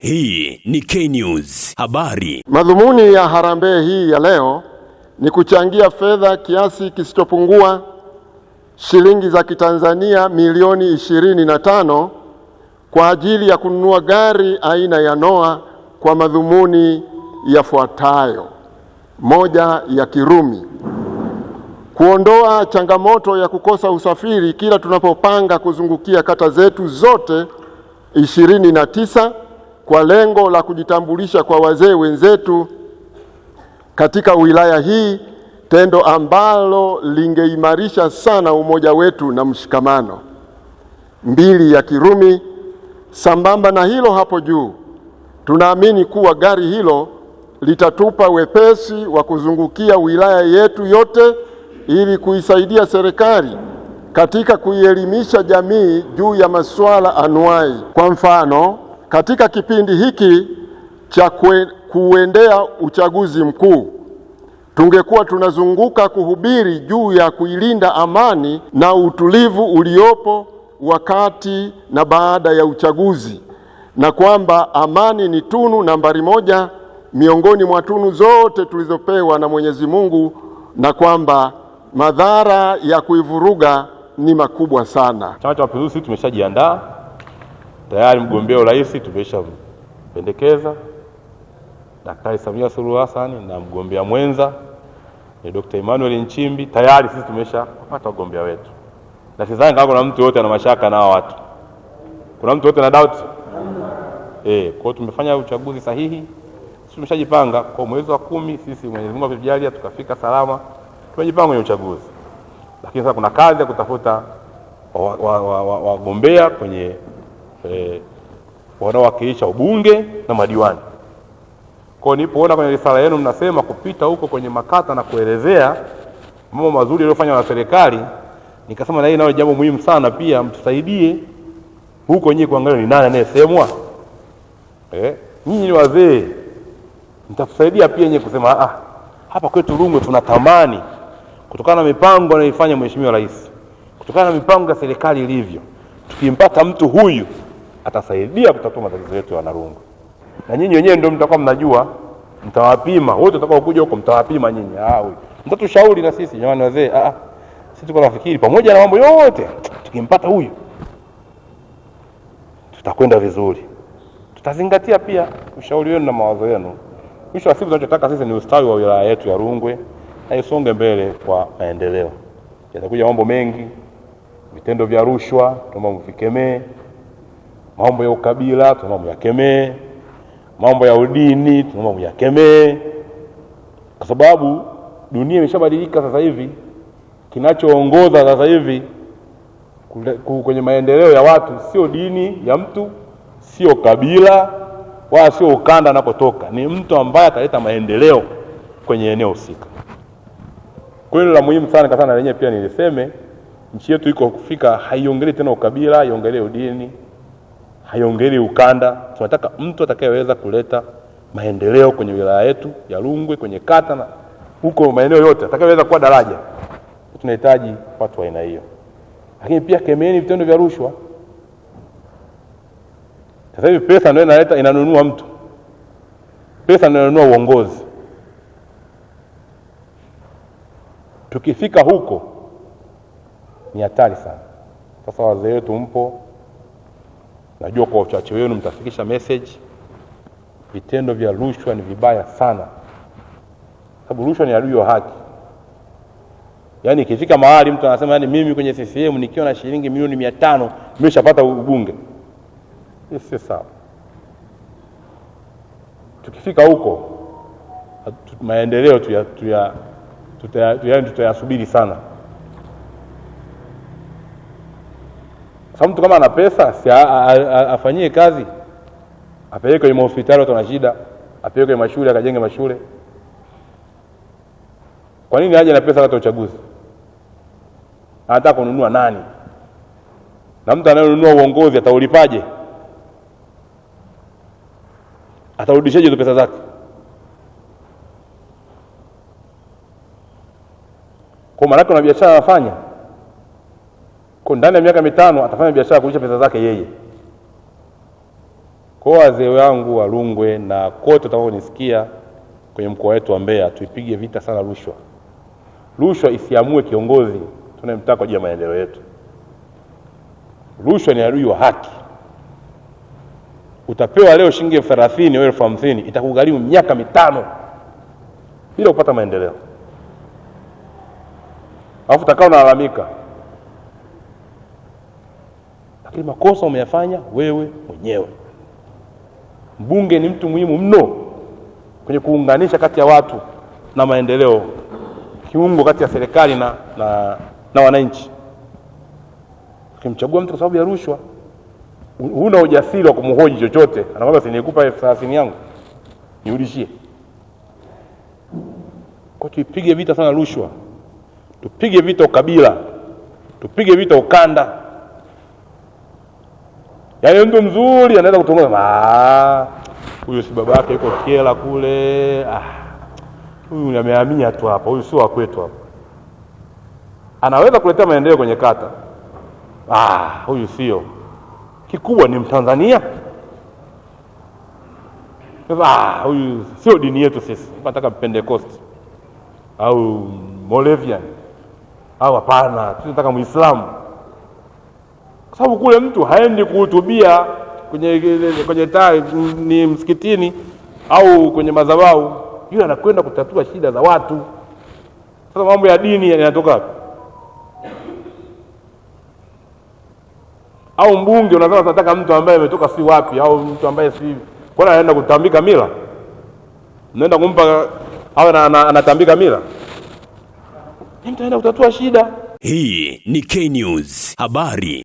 Hii ni K-News habari. Madhumuni ya harambee hii ya leo ni kuchangia fedha kiasi kisichopungua shilingi za Kitanzania milioni tano kwa ajili ya kununua gari aina ya Noah kwa madhumuni yafuatayo: moja ya Kirumi, kuondoa changamoto ya kukosa usafiri kila tunapopanga kuzungukia kata zetu zote tisa kwa lengo la kujitambulisha kwa wazee wenzetu katika wilaya hii, tendo ambalo lingeimarisha sana umoja wetu na mshikamano. mbili ya Kirumi. Sambamba na hilo hapo juu, tunaamini kuwa gari hilo litatupa wepesi wa kuzungukia wilaya yetu yote ili kuisaidia serikali katika kuielimisha jamii juu ya masuala anuai Kwa mfano katika kipindi hiki cha kuendea uchaguzi mkuu tungekuwa tunazunguka kuhubiri juu ya kuilinda amani na utulivu uliopo wakati na baada ya uchaguzi, na kwamba amani ni tunu nambari moja miongoni mwa tunu zote tulizopewa na Mwenyezi Mungu, na kwamba madhara ya kuivuruga ni makubwa sana. Chama cha Mapinduzi tumeshajiandaa Tayari mgombea urais tumeshampendekeza Daktari Samia Suluhu Hassan na mgombea mwenza ni Dr. Emmanuel Nchimbi. Tayari sisi tumeshapata wagombea wetu, na sidhani kama kuna mtu yote ana mashaka na watu. Kuna mtu yote na doubt eh? Kwa hiyo tumefanya uchaguzi sahihi, sisi tumeshajipanga kwa mwezi wa kumi. Sisi Mwenyezi Mungu atujalia tukafika salama, tumejipanga kwenye uchaguzi, lakini sasa kuna kazi ya kutafuta wagombea wa, wa, wa, wa kwenye eh, wanaowakilisha ubunge na madiwani. Kwa nilipoona kwenye risala yenu mnasema kupita huko kwenye makata na kuelezea mambo mazuri yaliyofanywa na serikali, nikasema na hii nayo jambo muhimu sana pia, mtusaidie huko nyinyi kuangalia ni nani anayesemwa. Eh, nyinyi ni wazee, mtatusaidia pia nyinyi kusema ah, ah, hapa kwetu Rungwe tunatamani kutokana na mipango anayoifanya Mheshimiwa Rais, kutokana na mipango ya serikali ilivyo, tukimpata mtu huyu atasaidia kutatua matatizo yetu ya Wanarungwe, na nyinyi wenyewe ndio mtakuwa mnajua, mtawapima wote mtakao kuja huko, mtawapima nyinyi, ah, mtatushauri na sisi jamani, wazee, ah, ah. sisi tuko nafikiri pamoja na mambo yote, tukimpata huyu tutakwenda vizuri, tutazingatia pia ushauri wenu na mawazo yenu. Mwisho wa siku tunachotaka sisi ni ustawi wa wilaya yetu ya Rungwe na isonge mbele kwa maendeleo. Yatakuja mambo mengi, vitendo vya rushwa, tuomba mvikemee. Mambo ya ukabila tunaomba yakemee, mambo ya udini tunaomba yakemee, kwa sababu dunia imeshabadilika sasa hivi. Kinachoongoza sasa hivi kwenye maendeleo ya watu sio dini ya mtu, sio kabila, wala sio ukanda anakotoka, ni mtu ambaye ataleta maendeleo kwenye eneo husika. Kwa la muhimu sana kasana lenyewe pia niliseme, nchi yetu iko kufika, haiongelee tena ukabila, iongelee udini haiongeri ukanda. Tunataka mtu atakayeweza kuleta maendeleo kwenye wilaya yetu ya Rungwe, kwenye kata na huko maeneo yote, atakayeweza kuwa daraja. Tunahitaji watu wa aina hiyo, lakini pia kemeni vitendo vya rushwa. Sasa hivi pesa ndio inaleta inanunua mtu, pesa ndio inanunua uongozi. Tukifika huko ni hatari sana. Sasa wazee wetu mpo Najua kwa uchache wenu mtafikisha message. Vitendo vya rushwa ni vibaya sana, sababu rushwa ni adui wa haki. Yaani ikifika mahali mtu anasema, yani mimi kwenye CCM nikiwa na shilingi milioni mia tano nimeshapata ubunge. Hii si sawa. Tukifika huko maendeleo tutayasubiri sana. Sasa mtu kama ana pesa si afanyie kazi, apeleke kwenye mahospitali, watu wana shida, apeleke kwenye mashule, akajenge mashule. Kwa nini aje na pesa wakati wa uchaguzi? Anataka kununua nani? Na mtu anayenunua uongozi ataulipaje? Atarudishaje hizo pesa zake? Kwa maana kuna biashara anafanya kwa ndani ya miaka mitano atafanya biashara kurudisha pesa zake yeye. Kwa wazee wangu wa Rungwe na kote utakaponisikia kwenye mkoa wetu wa Mbeya, tuipige vita sana rushwa. Rushwa isiamue kiongozi tunayemtaka kwa ajili ya maendeleo yetu. Rushwa ni adui wa haki. Utapewa leo shilingi elfu thelathini au elfu hamsini itakugharimu miaka mitano bila kupata maendeleo, alafu utakao nalalamika lakini makosa umeyafanya wewe mwenyewe. Mbunge ni mtu muhimu mno kwenye kuunganisha kati ya watu na maendeleo, kiungo kati ya serikali na, na, na wananchi. Ukimchagua mtu kwa sababu ya rushwa, huna ujasiri wa kumhoji chochote, anakwambia sinikupa elfu thelathini yangu niulishie. Kwa tuipige vita sana rushwa, tupige vita ukabila, tupige vita ukanda Yaani mtu mzuri anaweza kutongoza ah, huyu si baba yake yuko kiela kule, ah, huyu ah, amehamia tu hapa, huyu sio wa kwetu hapa. Anaweza kuleta maendeleo kwenye kata, ah, huyu ah, sio kikubwa, ni Mtanzania huyu ah, sio dini yetu sisi, nataka Pentecost au Moravian au hapana, tunataka Muislamu kwa sababu kule mtu haendi kuhutubia kwenye, kwenye taa ni msikitini au kwenye madhabahu, yule anakwenda kutatua shida za watu. Sasa mambo ya dini yanatoka wapi? Au mbunge unasema nataka mtu ambaye ametoka si wapi, au mtu ambaye si kwani anaenda kutambika mila, naenda kumpa awe anatambika mila, mtu anaenda kutatua shida. Hii ni K News habari.